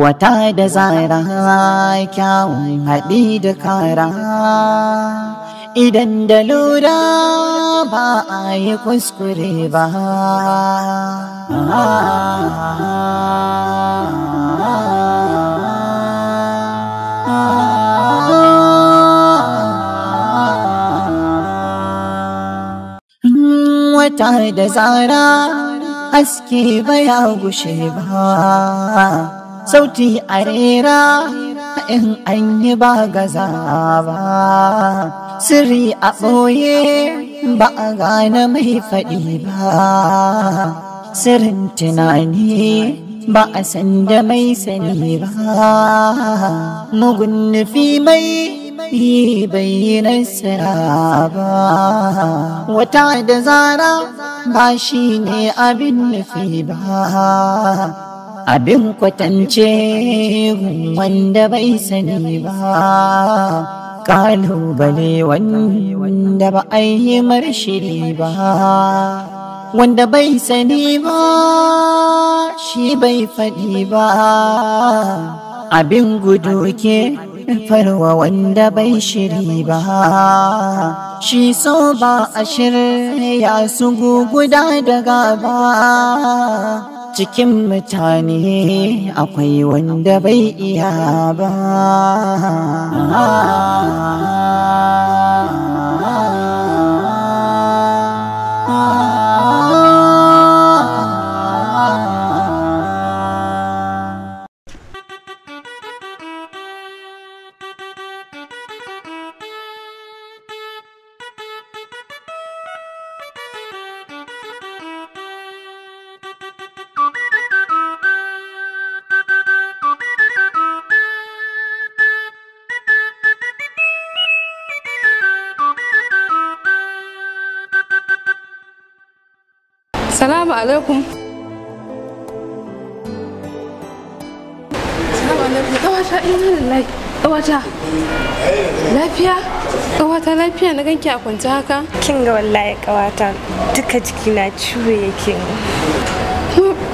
wata da zara kyawun haɗi da kara idan da lura ba a yi kuskure ba wata da zara haske baya gushe ba sauti a rera in an yi ba gaza ba sirri a ɓoye ba a gane mai faɗi ba sirrin tunani ba a sanda mai sani ba mugun nufi mai yi bayyanar sira ba wata da zara ba shi ne abin nufi ba abin kwatance wanda bai sani ba kalubale wanda ba a yi marshiri ba wanda bai sani ba shi bai faɗi ba abin gudu ke farwa wanda bai shiri ba shi so ba a shirya su guguda daga ba cikin mutane akwai wanda bai iya ba alaikum. Salamu Lafiya? na a kwance haka? kinga wallahi ƙawata duka ciwo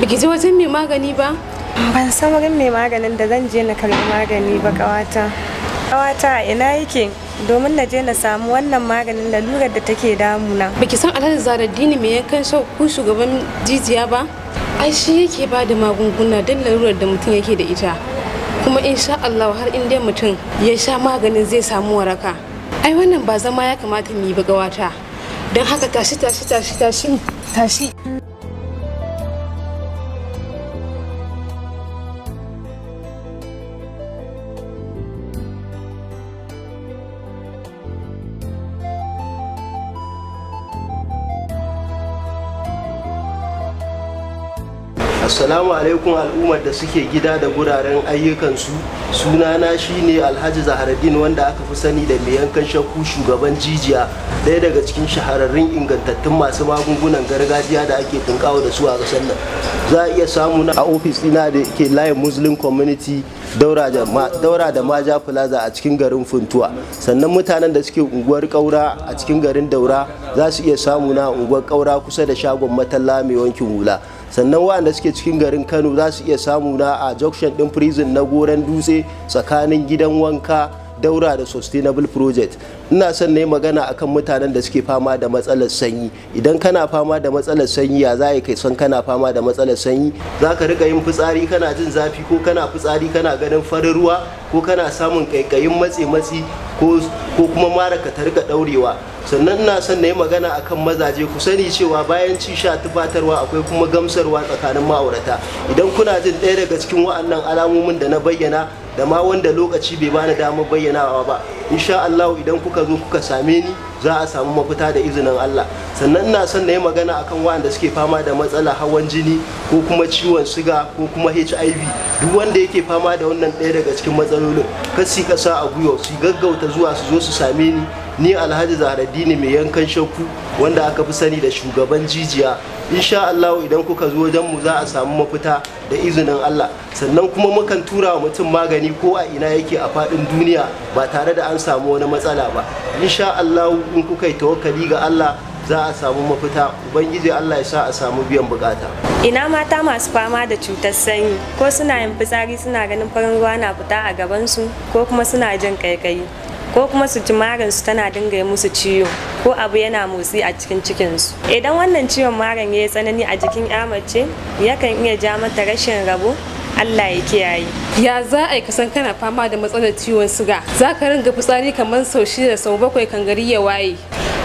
Biki wajen mai magani ba? Ban san wurin mai maganin da zan je na karɓi magani ba ƙawata. Ƙawata ina yake? domin na je na samu wannan maganin lalurar da take damuna baki san alhaji zaraddini me ya kan ku shugaban jijiya ba ai shi yake ba da magunguna don lalurar da mutum yake da ita kuma insha Allah har in dai mutum ya sha maganin zai samu waraka ai wannan ba zama ya kamata mu yi ba don haka tashi tashi tashi tashi tashi assalamu alaikum al'ummar da suke gida da guraren ayyukansu sunana ne alhaji zaharaddin wanda aka fi sani da mai yankan shakku shugaban jijiya daya daga cikin shahararrun ingantattun masu magungunan gargajiya da ake tunkawa da su a ƙasar nan za a iya samu na a ofis ina da ke layin muslim community daura da maja plaza a cikin garin funtuwa sannan mutanen da suke unguwar kaura a cikin garin daura za su iya samu na unguwar kaura kusa da shagon matalla mai wankin hula sannan waɗanda suke cikin garin kano za su iya samu na a junction ɗin prison na goren dutse tsakanin gidan wanka daura da sustainable project ina son ne magana akan mutanen da suke fama da matsalar sanyi idan kana fama da matsalar sanyi ya za kai san kana fama da matsalar sanyi za ka riƙa yin fitsari kana jin zafi ko kana fitsari kana ganin farin ruwa ko kana samun kaikayin matse-matsi ko kuma mara ka ta riƙa ɗaurewa sannan ina son na yi magana akan mazaje ku sani cewa bayan ci sha tufatarwa akwai kuma gamsarwa tsakanin ma'aurata idan kuna jin ɗaya daga cikin wa'annan alamomin da na bayyana da ma wanda lokaci bai bani damar bayyanawa ba insha Allah idan kuka kuka zo kuka same ni za a samu mafita da izinin Allah sannan ina son na yi magana akan waɗanda suke fama da matsala hawan jini ko kuma ciwon siga ko kuma HIV duk wanda yake fama da wannan ɗaya daga cikin matsalolin kasi kasa a gwiwa su gaggauta zuwa su zo su same ni ni alhaji dini mai yankan shakku wanda aka fi sani da shugaban jijiya insha Allah idan kuka zo wajen mu za a samu mafita da izinin Allah sannan kuma mukan tura wa mutum magani ko a ina yake a faɗin duniya ba tare da an samu wani matsala ba insha Allah in kuka yi tawakali ga Allah za a samu mafita ubangiji Allah ya sa a samu biyan bukata ina mata masu fama da cutar sanyi ko suna yin fitsari suna ganin farin ruwa na fita a gabansu ko kuma suna jin kaikayi ko kuma su ji su tana dinga yi musu ciwo ko abu yana motsi a cikin cikinsu idan wannan ciwon maran ya yi tsanani a jikin ya mace yakan iya ja mata rashin rabo Allah ya kiyaye. Ya za a yi kasan kana fama da matsalar ciwon suga? za ka ringa fitsari kamar sau shida sau bakwai kan gari ya waye.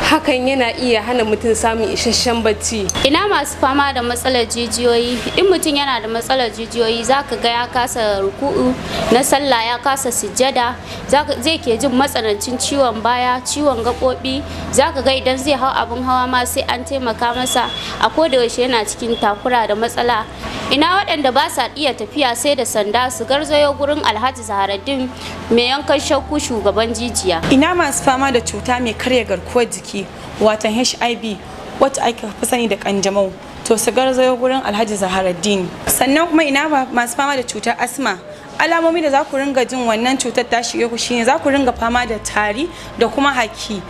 hakan yana iya hana mutum samun isasshen bacci ina masu fama da matsalar jijiyoyi in mutum yana da matsalar jijiyoyi za ka ga ya kasa ruku'u na sallah ya kasa sujjada zai ke jin matsanancin ciwon baya ciwon gaɓoɓi ka ga idan zai hau abin hawa ma sai an taimaka masa a koda yaushe yana cikin takura da matsala ina waɗanda ba sa iya tafiya sai da sanda su garzayo gurin alhaji zaharaddin mai yankan shakku shugaban jijiya ina masu fama da cuta mai karya garkuwar jiki ciki watan hiv wata aka fi sani da kanjamau to su garzayo gurin alhaji zaharaddin sannan kuma ina masu fama da cutar asma alamomi da za ku ringa jin wannan cutar ta shige ku shine za ku ringa fama da tari da kuma haki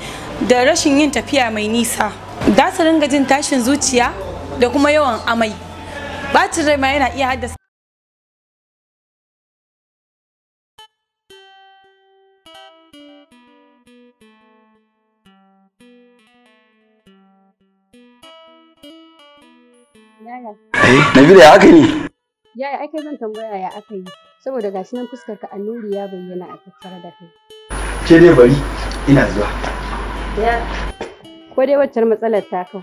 da rashin yin tafiya mai nisa za su ringa jin tashin zuciya da kuma yawan amai bacin rai ma yana iya haddasa da ya aka yi? Ya yi kai zan tambaya ya aka yi saboda gashi nan fuskar ka annuri ya bayyana a tattare da kai. Ke dai bari ina zuwa. Ya. Ko dai waccar matsalar ta kau.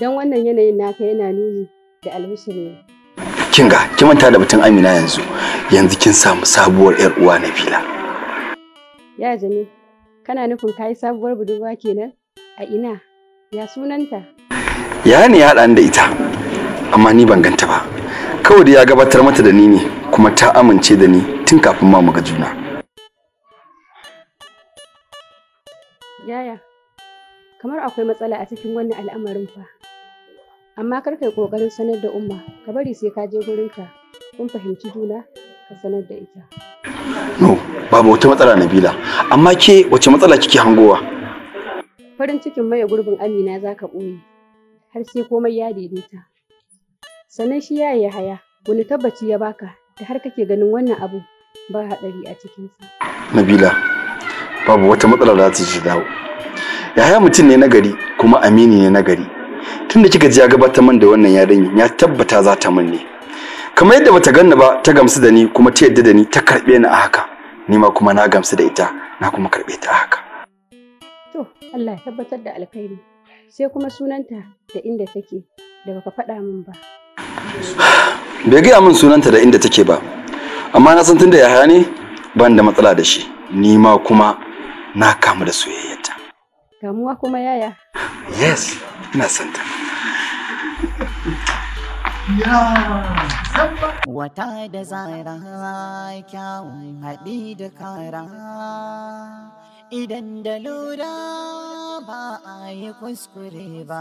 don wannan yanayin naka yana nuni da alhishir ne. Kin ki manta da batun Amina yanzu. Yanzu kin samu sabuwar yar uwa fila. Ya jami kana nufin kayi sabuwar budurwa kenan? A ina? Ya sunanta? Ya ne ya haɗa da ita. amma ni ban ganta ba kawai da ya gabatar mata da ni ne kuma ta amince da ni tun kafin ma muga juna yaya kamar akwai matsala a cikin wannan al'amarin fa amma kar kai kokarin sanar da umma ka bari sai ka je ka kun fahimci juna ka sanar da ita no babu wata matsala nabila amma ke wace matsala kike hangowa farin cikin maye gurbin amina zaka ɓoye har sai komai ya daidaita Sannan shi ya Yahaya, wani tabbaci ya baka da har kake ganin wannan abu ba haɗari a cikin cikinsa. Nabila, babu wata matsala za ta ci dawo. Yahaya mutum ne na gari kuma amini ne na gari. Tunda kika ji ya gabatar man da wannan yarinyar ya tabbata za ta min ne. Kamar yadda bata ganna ba ta gamsu da ni kuma ta yadda da ni ta karɓe ni a haka. Ni ma kuma na gamsu da ita na kuma karɓe ta a haka. To, Allah ya tabbatar da alkhairi. Sai kuma sunanta da inda take da baka faɗa min ba. bai gaya min sunanta da inda take ba amma na san tunda yahaya ne ban da matsala da shi ni ma kuma na kamu da soyayyarta kamuwa kuma yaya yes ina son ta wata da zara kyawun haɗi da kara idan da lura ba a yi kuskure ba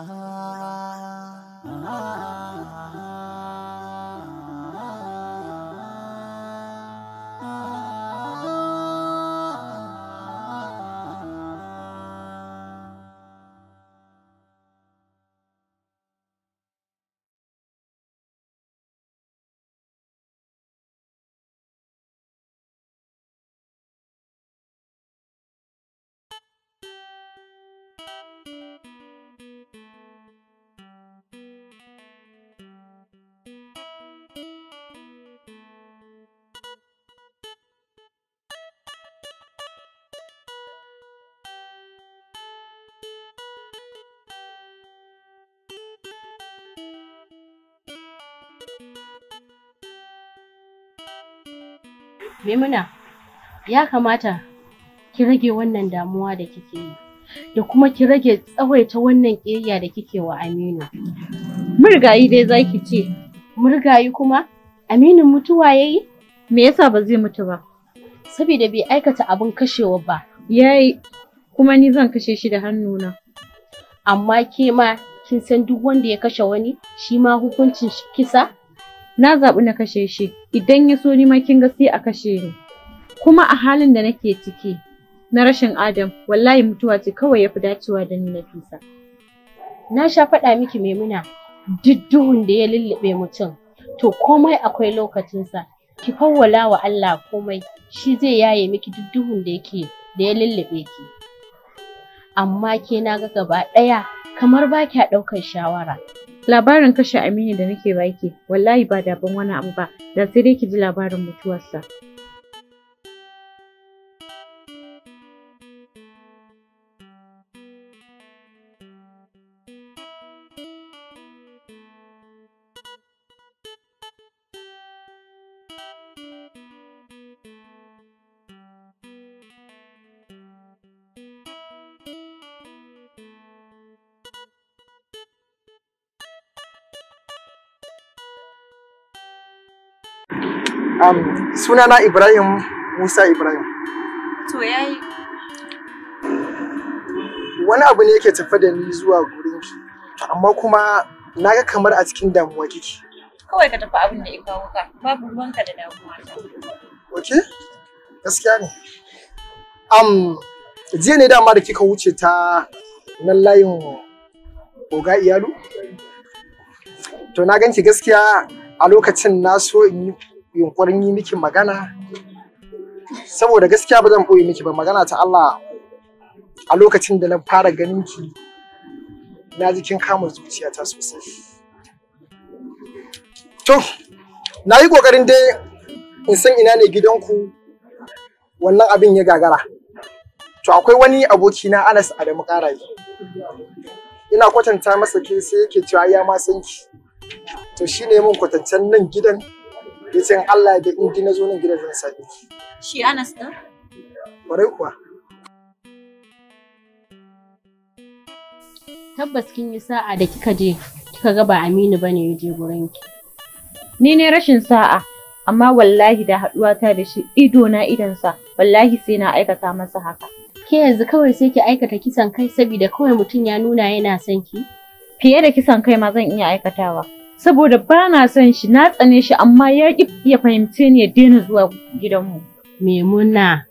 Maimuna, ya kamata ki rage wannan damuwa da kike yi, da kuma ki rage tsawaita wannan ƙiyayya da kike wa Aminu. Murgayi dai za ce, murgayi kuma Aminu mutuwa ya yi? Me yasa ba zai mutu ba? Saboda bai aikata abin kashewa ba. Yayi, kuma ni zan kashe shi da hannuna. Amma ke ma kin san duk wanda ya kashe wani, shi ma hukuncin kisa? na zaɓi na kashe shi idan ya so ni ma kin a kashe ni kuma a halin da nake ciki na rashin adam wallahi mutuwa ce kawai yafi dacewa da ni na Nafisa na sha faɗa miki Maimuna duk duhun da ya lullube mutum to komai akwai lokacinsa ki fawwala wa Allah komai shi zai yaye miki duk duhun da yake da ya lullube ki amma ke na ga gaba ɗaya kamar ba kya ɗaukar shawara labarin kashe Aminu da nake baki wallahi ba daban wani abu ba da sai dai ki ji labarin mutuwarsa sunana Ibrahim Musa Ibrahim. To yi. Wani abu ne yake tafa da ni zuwa gurin ki, amma kuma na ga kamar a cikin damuwa kiki. Kawai ka tafi abin da ya kawo ka, babu ruwanka da damuwa Ok, gaskiya ne. Am, jiya ne dama da kika wuce ta nan layin oga iyalu? To na ganki gaskiya a lokacin na so in yi yunkurin yi miki magana saboda gaskiya ba zan ɓoye miki ba magana ta Allah a lokacin da na fara ganin ki na ji kin kama zuciyata sosai to na yi ƙoƙarin dai in san ina ne gidanku wannan abin ya gagara to akwai wani aboki na Anas Adamu Karayi ina kwatanta masa ke sai yake cewa ya ma san ki to shine mun kwatancan nan gidan ya Allah da in kina zo nan gidan zan sami shi Anas din kwarai kuwa tabbas kin yi sa'a da kika je kika ga ba Aminu bane ya je gurin ki ni ne rashin sa'a amma wallahi da haɗuwa ta da shi ido na sa, wallahi sai na aikata masa haka ke yanzu kawai sai ki aikata kisan kai saboda kawai mutum ya nuna yana son ki fiye da kisan kai ma zan iya aikatawa saboda ba na son shi na tsane shi amma ya ƙi ya fahimce ni ya daina zuwa gidanmu. Maimuna.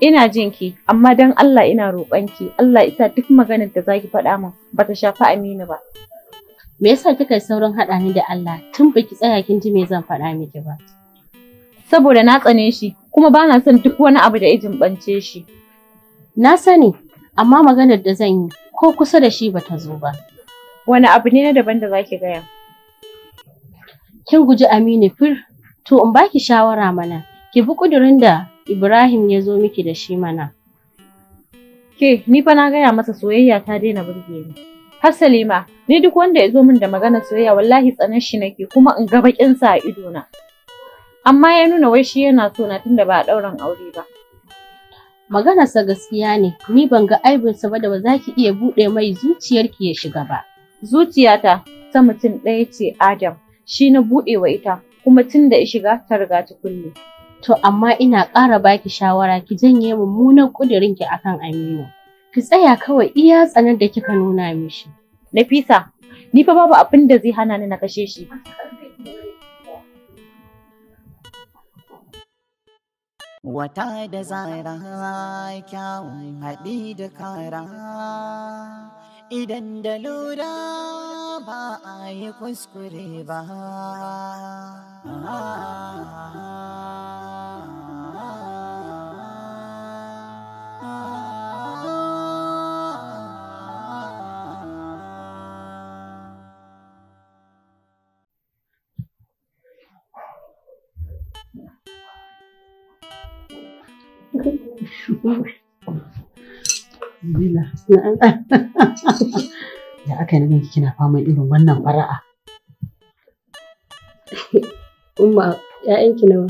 Ina jin ki, amma don Allah ina ki, Allah isa duk maganar da zaki faɗa min ba ta shafi Aminu ba. Me yasa kika saurin haɗa ni da Allah tun ba ki tsaya kin ji me zan faɗa miki ba? Saboda na tsane shi, kuma ba na son duk wani abu da ya bance shi. Na sani, amma maganar da zan yi ko kusa da shi ba ta zo ba. Wani abu ne na daban da zaki gaya? kin guji Aminu fir to in baki shawara mana ki bi kudurin da Ibrahim ya zo miki da shi mana. Ke ni fa na gaya masa soyayya ta daina burge ni. Har Salima, ni duk wanda ya zo min da magana soyayya wallahi tsanan shi nake kuma in ga bakin sa a idona. Amma ya nuna wai shi yana so na tunda ba a dauran aure ba. Maganarsa gaskiya ne, ni ban ga aibinsa ba da ba za ki iya buɗe mai zuciyarki ya shiga ba. Zuciyata ta mutum ɗaya ce Adam. shi na wa ita kuma tun da ya shiga ta riga ta kulle. To amma ina ƙara baki shawara ki janye mummunan ƙudurin ki akan Aminu. Ki tsaya kawai iya tsanar da kika nuna mishi. Nafisa, ni fa babu abin da zai hana ni na kashe shi. Wata da zara kyawun haɗi da kara idan da lura ba a yi kuskure ba. Na'am. ya aka yi ganki kina fama irin wannan fara'a umma yanki nawa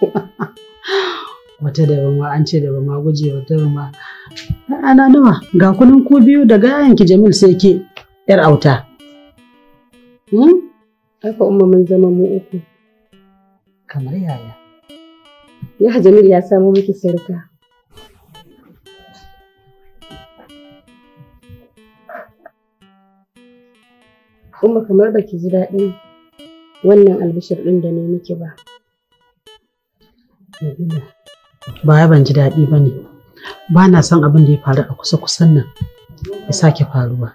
wata da ma an ce da ma guje wata da ma ana nawa ga kunin ku biyu daga yayanki Jamil sai ke yar auta hmm haka umma mun zama mu uku kamar yaya ya Jamil ya samu miki sarka Umma kamar baki ji daɗin wannan albishir ɗin da ne miki ba. Baya ban ji daɗi ba ne. Ba na son abin da ya faru a kusa-kusan nan ya sake faruwa.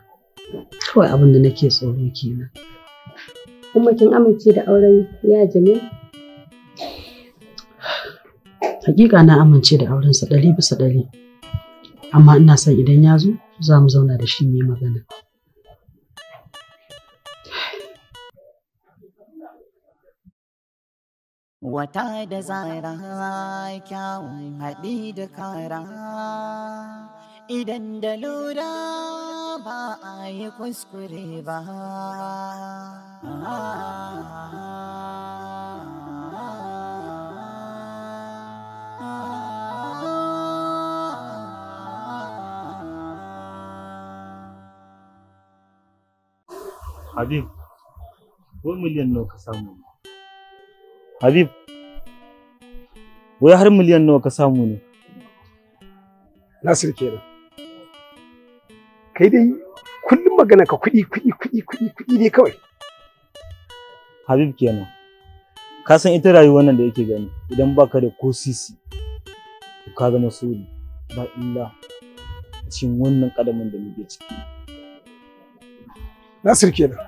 Kawai abin da nake tsoro kenan. Umma kin amince da auren ya Jami? Hakika na amince da aurensa ɗari bisa ɗari. Amma ina son idan ya zo za mu zauna da shi mu yi magana. wata da zara kyawun haɗi da kara idan da lura ba a yi kuskure ba Habib, ko miliyan nawa ka samu? Habib, wai har miliyan nawa ka samu ne? Nasir kenan. Kai dai kullum magana ka kuɗi kuɗi kuɗi kuɗi kuɗi ne kawai. Habib kenan. Ka san ita rayuwar nan da yake gani idan baka da ko sisi to ka zama suri ba illa cin wannan kadamin da muke ciki. Nasir kenan.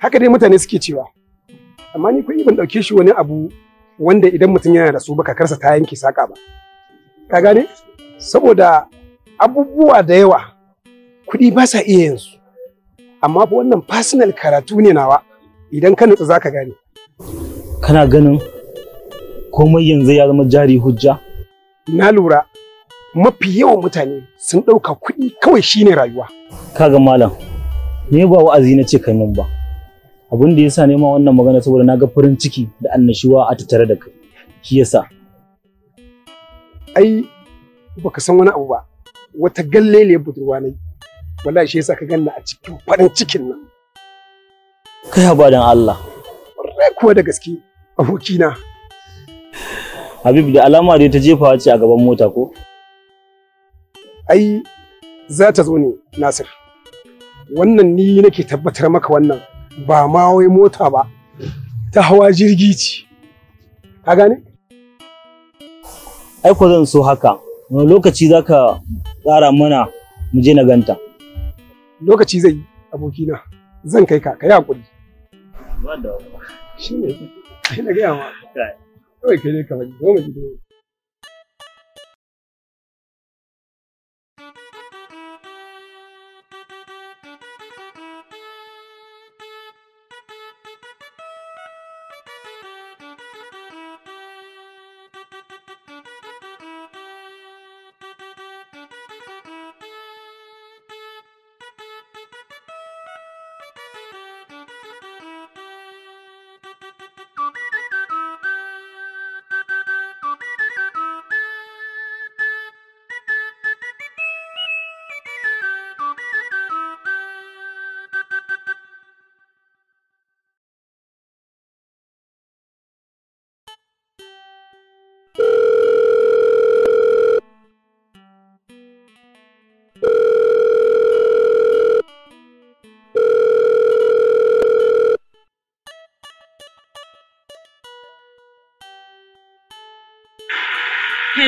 Haka dai mutane suke cewa. amma ni kuɗi ban ɗauke shi wani abu wanda idan mutum yana da su baka karsa ta yanke saka ba ka gane saboda abubuwa da yawa kuɗi ba sa iya yanzu amma fa wannan personal karatu ne nawa idan ka nutsu za ka gane kana ganin komai yanzu ya zama jari hujja na lura mafi yawan mutane sun ɗauka kuɗi kawai shine rayuwa kaga malam Me ba wa'azi na ce kai mun ba abin da yasa nema wannan magana saboda na ga farin ciki da annashuwa a tattare da kai shi yasa ai baka san wani abu ba wata gallele budurwa ne wallahi shi yasa ka ganna a cikin farin cikin nan kai ba dan Allah rai kuwa da gaske abokina Habib da alama dai ta jefa ce a gaban mota ko ai za ta zo ne Nasir wannan ni nake tabbatar maka wannan ba ma wai mota ba ta hawa jirgi ce ka gane ai ko zan so haka wani lokaci za ka tsara mana mu je na ganta lokaci zai yi abokina zan kai ka ka yi haƙuri shi ne na gaya ma kawai kai ne kamar goma gidan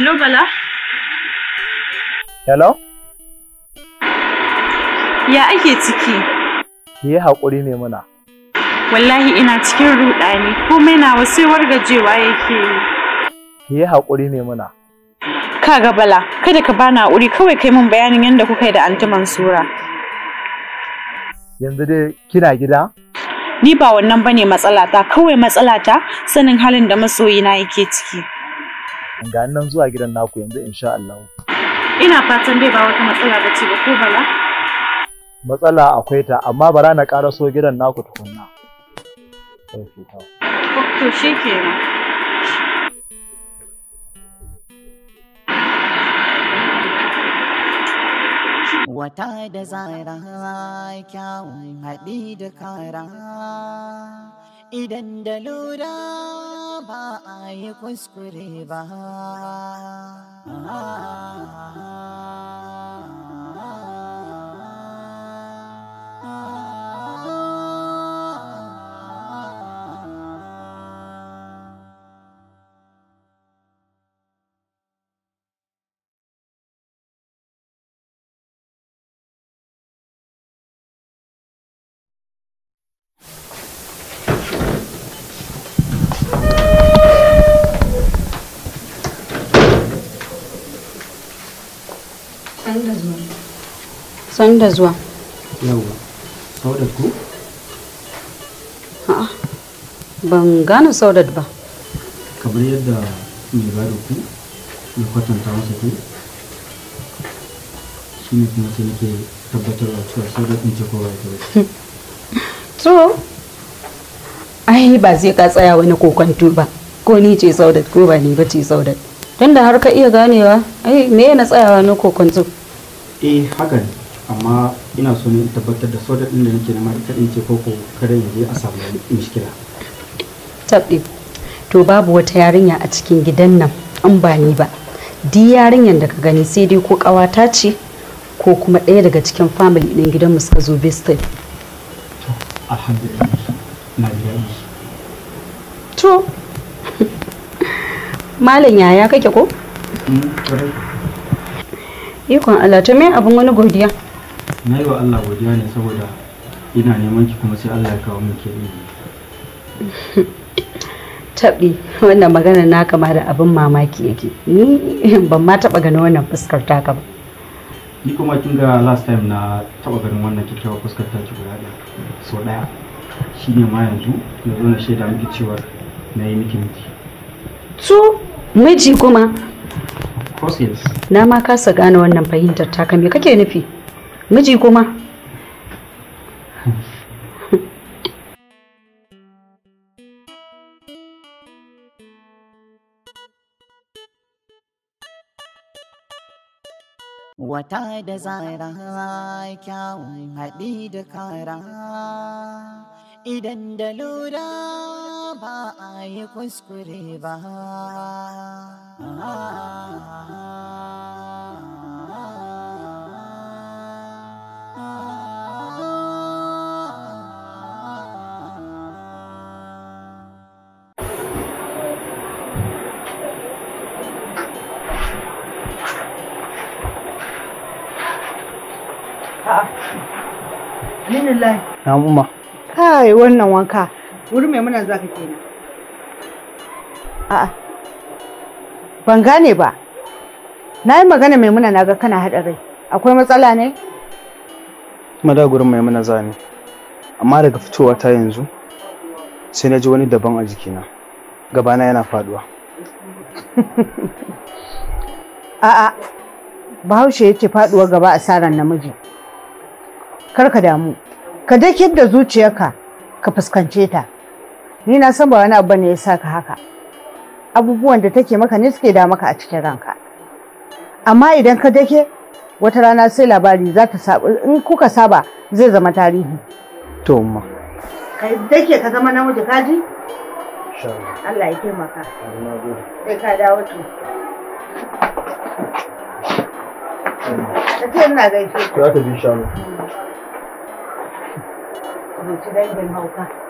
Hello, Bala. Hello? Ya ake ciki? Ki yi haƙuri ne muna. Wallahi ina cikin ruɗani, komai na wasu wargajewa yake yi. Ki yi haƙuri ne muna. Ka ga Bala, kada ka bani haƙuri kawai kai min bayanin yadda kuka yi da Anti Mansura. Yanzu dai kina gida? Ni ba wannan bane matsalata, kawai matsalata sanin halin da masoyina yake ciki. ga nan zuwa gidan naku yanzu insha Allah ina fatan bai ba wata matsala ba ce ba ko bala matsala akwai ta amma bara na so gidan naku tukunna to shi ke wata da zara kyawun haɗi da kara idan da lura yi kuskure ba. san da zuwa yawwa saudat ku a'a ban gane saudat ba kamar yadda mai ba da ku ya kwatanta masa ku shi ne kuma sai nake tabbatar da cewa saudat in ce kowa ya to ai ba zai ka tsaya wani kokonto ba ko ni ce saudat ko ba ni ba ce saudat tunda har ka iya ganewa ai me na tsayawa na kokonto eh haka ne amma ina so ne tabbatar da soda inda da nake nema ita in ce koko kada in je a samu mishkila Tabbi. to babu wata yarinya a cikin gidan nan an ba ni ba di yarinyar da ka gani sai dai ko kawata ce ko kuma ɗaya daga cikin family ɗin gidan mu suka zo Bestel alhamdulillah na to malam yaya kake ko mm, ikon Allah to me abin wani godiya na yi wa Allah godiya ne saboda ina neman ki kuma sai Allah ya kawo min ke taɓi wannan magana na kama da abin mamaki yake ni ban ma taɓa ganin wannan fuskar taka ba ni kuma kin ga last time na taɓa ganin wannan kyakkyawar fuskar taki guda ɗaya so ɗaya shine ma yanzu na zo na shaida miki cewa na yi miki miki su miji kuma of course yes na ma kasa gane wannan fahimtar taka me kake nufi miji kuma wata da zara kyawun haɗi da kara idan da lura ba a yi kuskure ba alhamdulillah na umma kai wannan wanka wuri mai muna zaka kenan a'a ban gane ba na yi magana mai muna na ga kana haɗa rai akwai matsala ne mada gurin mai muna amma daga fitowa ta yanzu sai na ji wani daban a jikina gabana yana faduwa a'a bahaushe ya ce faduwa gaba a saran namiji karka damu ka dakiyar da zuciyarka ka fuskance ta ni na san ba wani abu ne ya sa ka haka abubuwan da take maka ne suke da maka a cikin ranka amma idan ka dake wata rana sai labari za ta saba in kuka saba zai zama tarihi to ma kai dake ka zama namiji kaji Allah ya taimaka sai ka dawo to ka ce ina gaishe ta ta bi shanu vừa chưa đây gần hầu cả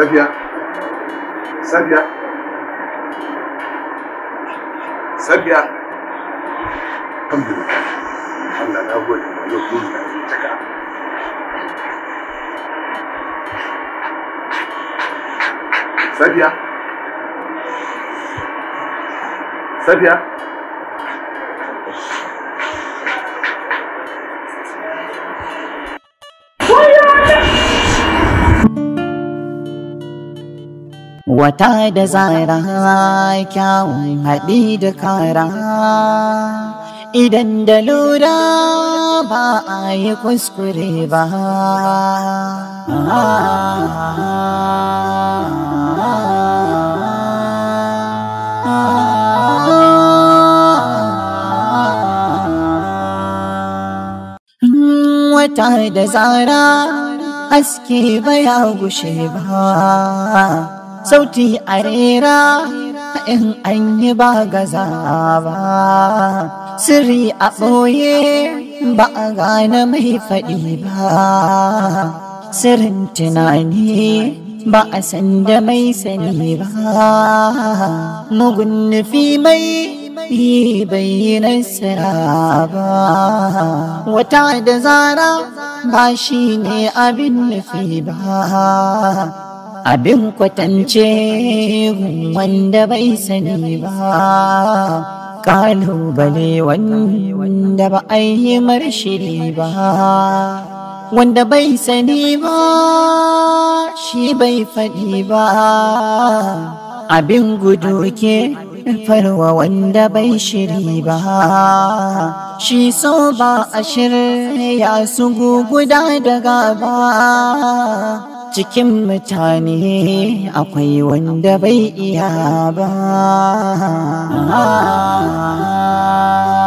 Safiya. Safiya. Safiya. Alhamdulillah. Allah na gode ma yau kun da ta ka. Safiya. Safiya. wata da zara kyawun haɗi da kara idan da lura ba a yi kuskure ba wata da zara aski baya gushe ba sauti a rera in an yi ba gaza ba sirri a ɓoye ba a gane mai faɗi ba sirrin tunani ba a sanda mai sani ba mugun nufi mai yi bayyanar ba wata da zara ba shi ne abin nufi ba abin kwatance wanda bai sani ba kalubale wanda ba a yi marshiri ba wanda bai sani ba shi bai faɗi ba abin gudu ke farwa wanda bai shiri ba shi so ba a shirya su guguda daga ba. cikin mutane akwai wanda bai iya ba